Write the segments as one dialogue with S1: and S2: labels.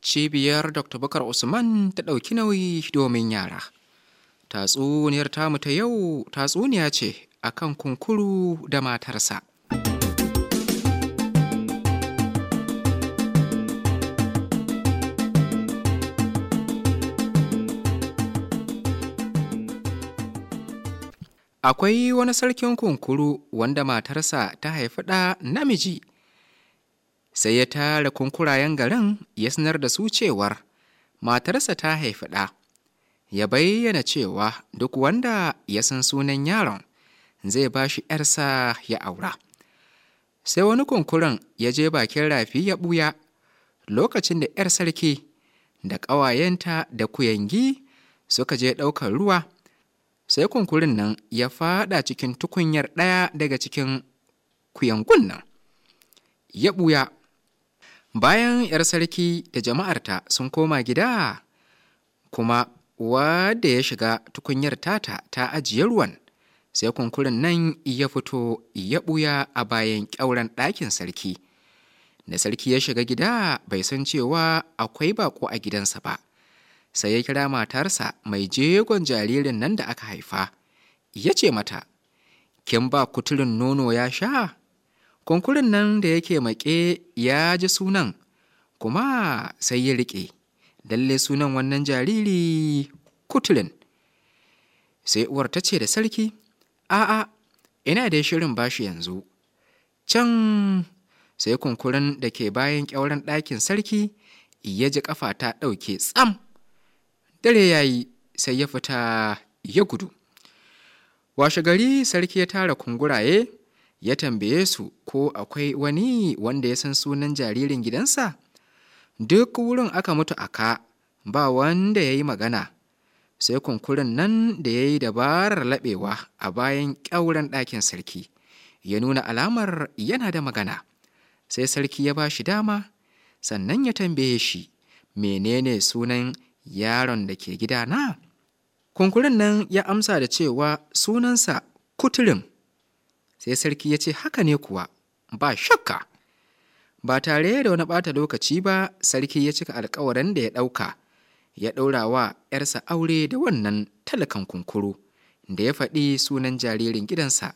S1: cibiyar dr bakar usman ta ɗauki nauyi domin yara tatsuniyar tamu ta yau tatsuniya ce akan kunkuru da matarsa akwai wani sarkin kunkuru wanda matarsa ta haifi ɗa namiji sai ya tara kunkurayen garin ya sanar da su cewar matarsa ta haifi ɗa ya bayyana cewa duk wanda ya san sunan yaron zai ba shi ‘yarsa ya aura sai wani kunkurin ya je bakin rafi ya ɓuya lokacin da ‘yar sarki da ƙawayenta da kuyangi suka je ɗaukar ruwa sai kunkurin nan ya fada cikin tukunyar ɗaya daga cikin kuyangun nan ya ɓuya bayan 'yar sarki da jama'arta sun koma gida kuma wadda ya shiga tukunyar tata ta ajiye ruwan sai kunkurin nan ya fito ya ɓuya a bayan ƙyauren ɗakin sarki da sarki ya shiga gida bai san cewa akwai bako a gidansa ba sai ya kira matarsa mai jegon jaririn nan da aka haifa ya ce mata kin ba kuturin nono ya sha kunkurin nan da yake maƙe ya ji sunan kuma sai ya riƙe lalle sunan wannan jariri kuturin sai uwar ta ce da sarki a'a ina da shirin bashi yanzu can sai kunkurin da ke bayan ƙyauren ɗakin sarki ya ji ƙafa ta ɗauke tsam dare ya yi sai ya fita ya gudu washe gari sarki ya tara kunguraye ya tambaye su ko akwai wani wanda ya san sunan jaririn gidansa duk wurin aka mutu aka ba wanda ya yi magana sai kunkurin nan da ya yi dabarar laɓewa a bayan ƙyauren ɗakin sarki ya nuna alamar yana da magana sai sarki ya ba shi dama sannan ya tambaye shi menene sunan yaron da ke gidana kunkurin nan ya amsa da cewa sunansa kuturin sai sarki ya ce haka ne kuwa ba shakka ba tare da wani ɓata lokaci ba sarki ya cika alkawarin da ya ɗauka ya ɗaura wa ‘yarsa aure da wannan talakan kunkuru da ya faɗi sunan jaririn gidansa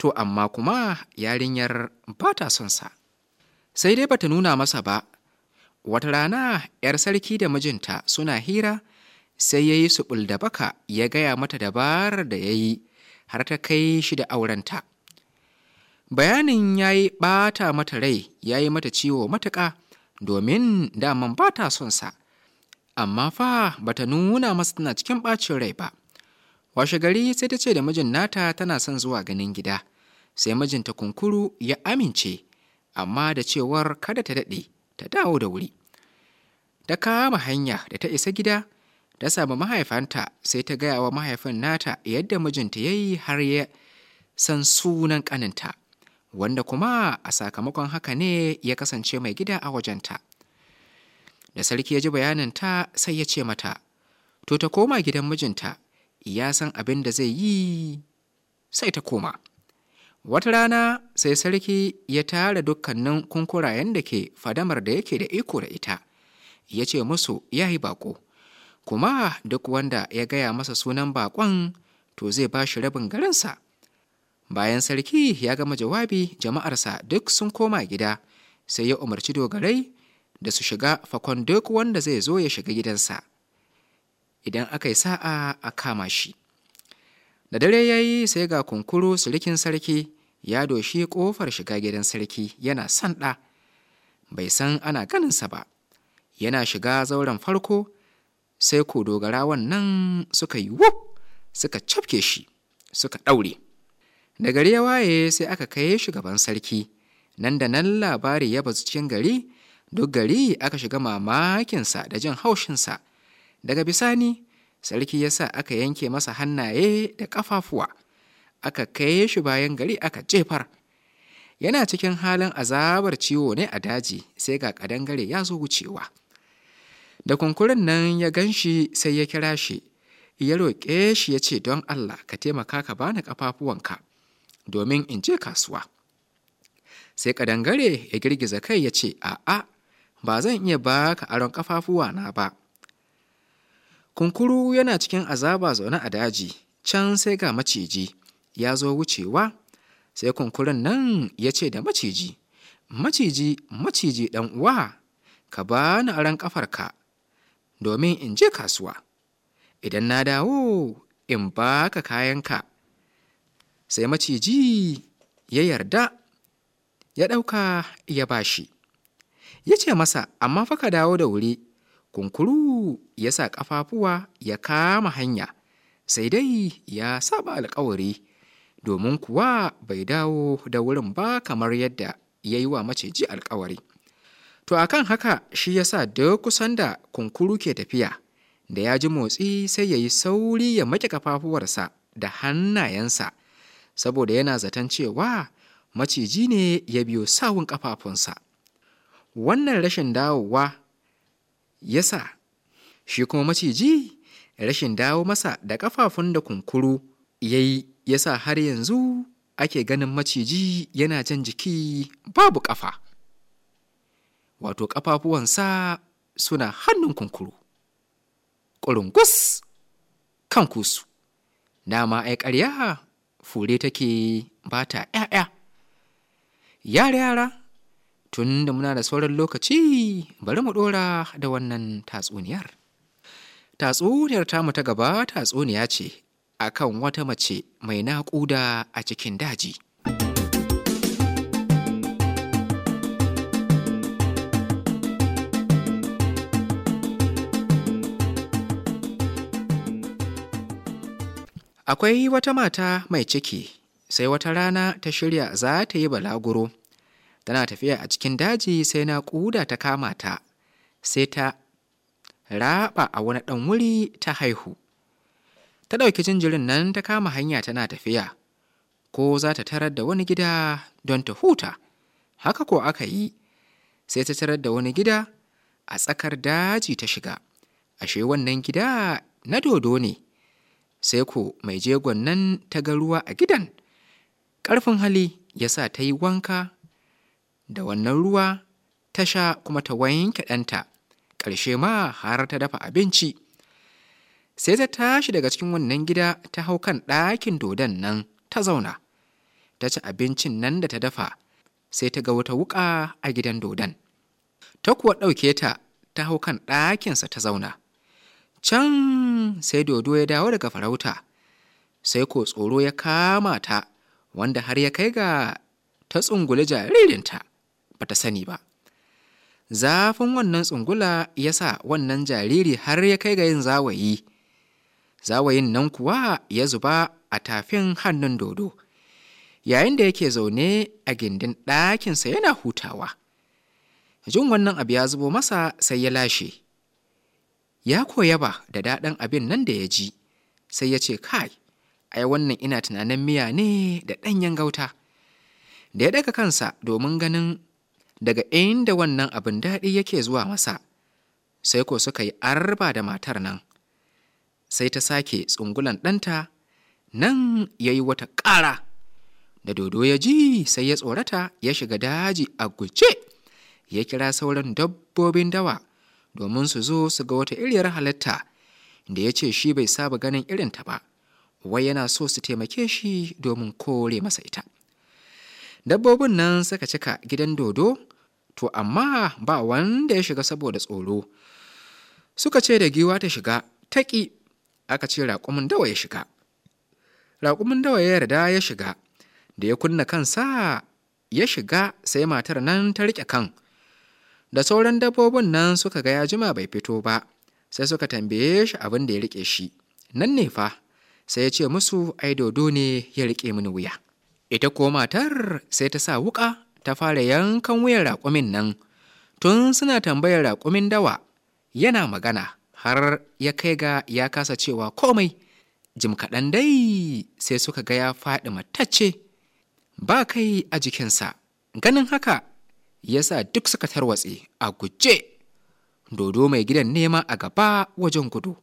S1: to amma kuma yarinyar ba ta son sa sai dai bata nuna masa ba wata rana 'yar sarki da mijinta suna hira sai ya yi su da baka ya gaya mata dabarar da ya yi har ta kai shi da aurenta bayanin ya yi ɓata mata rai ya yi mata ciwo matuƙa domin daman ba ta son sa amma fa ba ta nuna masu tana cikin ɓacin rai ba washe gari sai ta ce da mijin nata tana son zuwa ganin gida sai mijinta kunkuru ya amince amma da cewar kada ta daɗe ta dawo da wuri ta kama hanya da ta isa gida ta samu mahaifanta sai ta gaya wa mahaifin nata yadda mijinta ya yi har ya san sunan ƙaninta wanda kuma a sakamakon haka ne ya kasance mai gida a wajenta da sarki ya ji bayaninta sai ya ce mata to ta koma gidan mijinta ya san abin da zai yi sai ta koma wata rana sai sarki ya tara dukkanin kunkurayen da ke fadamar da yake da iko da ita ya ce musu ya yi bako kuma duk wanda ya gaya masa sunan bakon to zai ba shi rabin garinsa bayan sarki ya gama jawabi jama'arsa duk sun koma gida sai ya umarci dogarai da su shiga fakon duk wanda zai zo ya shiga gidansa idan aka yi sa'a a kama shi da dare ya yi sai ga kunkuru surikin sarki ya doshi ƙofar shiga gidan sarki yana san ɗa bai san ana ganinsa ba yana shiga zauren farko sai ko dogara wannan suka yi wuf suka cafke shi suka ɗaure da gari ya waye sai aka kai shi gaban sarki nan da nan labari ya bazu cikin gari duk gari aka shiga mamakinsa da jin haushinsa daga bisani sarki ya sa aka yanke masa hannaye da ƙafafuwa aka kai shi bayan gari aka jefar yana cikin halin azabar ciwo ne a daji sai ga ƙadangare ya zo wucewa da kunkurin nan ya gan shi sai ya kira shi ya roƙe shi ya ce don allah ka taimaka ka bani ƙafafuwanka domin in je kasuwa sai ƙadangare ya girgiza kai ya ce a'a ba zan iya ba ka aron na ba kunkuru yana cikin azaba zaune a daji can sai ga maciji ya zo wucewa sai kunkurin nan ya ce da maciji maciji maciji ɗan uwa ka bani ni aron ƙafarka domin in je kasuwa idan na dawo in ba baka kayanka sai maciji ya yarda ya ɗauka ya bashi ya ce masa amma fa ka dawo da wuri kunkuru ya sa ƙafafuwa ya kama hanya sai dai ya saba alƙawari, domin kuwa bai dawo da wurin ba kamar yadda ya yi wa maciji alƙawari. to akan haka shi ya sa duk kusan da kunkuru ke tafiya da ya ji motsi sai ya yi sauri ya make kafafuwarsa da hannayensa saboda yana zaton cewa maciji ne ya biyo sawun kafafunsa wannan rashin dawowa ya sa shi kuma maciji rashin dawo masa da kafafun da kunkuru ya yi ya sa har yanzu ake ganin maciji yana jan jiki babu kafa wato ƙafafuwansa suna hannun kunkuru ƙurungus kan kusu dama ai ƙarya fure take ba ta ‘ya'ya yara yara tun da muna da sauran lokaci bari mu ɗora da wannan tatsuniyar tatsuniyar tamu ta gaba tatsuniya ce akan wata mace mai naƙuda a cikin daji akwai wata mata mai ciki sai wata rana ta shirya za ta yi balaguro tana tafiya a cikin daji sai na ƙuda ta kama ta sai ta raba a wani ɗan wuri ta haihu ta ɗauki jinjirin nan ta kama hanya tana tafiya ko za ta tarar da wani gida don ta huta haka ko aka yi sai ta tarar da wani gida a tsakar daji ta shiga ashe wannan gida na dodo ne sai ko mai jegon nan ta ga ruwa a gidan ƙarfin hali ya sa ta yi wanka da wannan ruwa ta sha kuma ta wanke ɗanta ƙarshe ma har ta dafa abinci sai ta tashi daga cikin wannan gida ta hau kan ɗakin dodon nan ta zauna ta ci abincin nan da ta dafa sai ta ga wata wuƙa a gidan dodon ta kuwa ɗauke ta ta hau kan ɗakinsa ta zauna can sai dodo ya dawo daga farauta sai ko tsoro ya kama ta wanda har ya kai ga ta tsungula jaririnta ba ta sani ba zafin wannan tsungula ya sa wannan jariri har ya kai ga yin zawayi zawayin nan kuwa ya zuba a tafin hannun dodo yayin da yake zaune a gindin ɗakinsa yana hutawa jin wannan abu ya zubo masa sai ya lashe ya koya ba da daɗin abin nan da ya ji sai ya ce kai ai wannan ina tunanin miya ne da ɗanyen gauta da ya daga kansa domin ganin daga inda wannan abin daɗi yake zuwa masa sai ko suka yi arba da matar nan sai ta sake tsungulan ɗanta nan ya yi wata ƙara da dodo ya ji sai ya tsorata ya shiga daji a guje ya kira sauran dabbobin dawa domin su zo su ga wata iriyar halitta da ya ce shi bai saba ganin irin ta ba wai yana so su taimake shi domin kore masa ita dabbobin nan suka cika gidan dodo to amma ba wanda ya shiga saboda tsoro suka ce da giwa ta shiga taƙi aka ce raƙumin dawa ya shiga raƙumin dawa ya yarda ya shiga da ya kunna kansa ya shiga sai matar nan ta riƙe kan da sauran dabbobin nan suka ga ya jima bai fito ba sai suka tambaye shi abin da ya rike shi nan ne fa sai ya ce musu ai dodo ne ya rike mini wuya ita ko matar sai ta sa wuka ta fara yankan wuyan raƙumin nan tun suna tambayar raƙumin dawa yana magana har ya kai ga ya kasa cewa komai jim kaɗan dai sai suka ga ya faɗi matacce ba kai a jikinsa ganin haka ya sa duk suka tarwatse a guje dodo mai gidan nema a gaba wajen gudu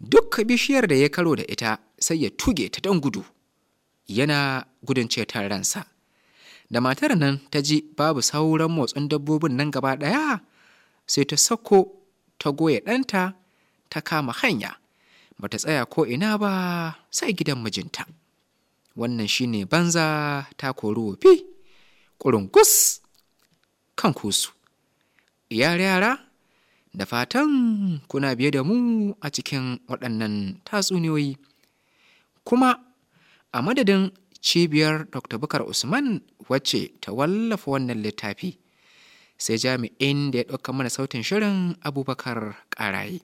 S1: duk bishiyar da ya karo da ita sai ya tuge ta don gudu yana gudun cetar ransa da matar nan ta ji babu sauran motsin dabbobin nan gaba ɗaya sai ta sako ta goya ɗanta ta kama hanya ba ta tsaya ko ina ba sai gidan mijinta wannan shine banza ta kori wofi ƙurungus kan kusu. yare yara, da fatan kuna biye da mu a cikin waɗannan tatsuniyoyi. Kuma a madadin cibiyar Dr. Bukar Usman wacce ta wallafa wannan littafi, sai jami'in da ya ɗauka mana sautin shirin abubakar ƙaraye.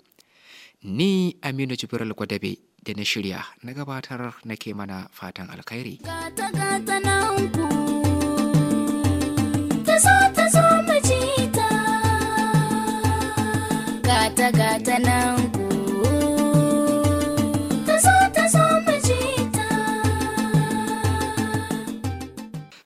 S1: Ni Aminu Jibril Gwadabe da na shirya na gabatar na ke mana fatan alkhairi.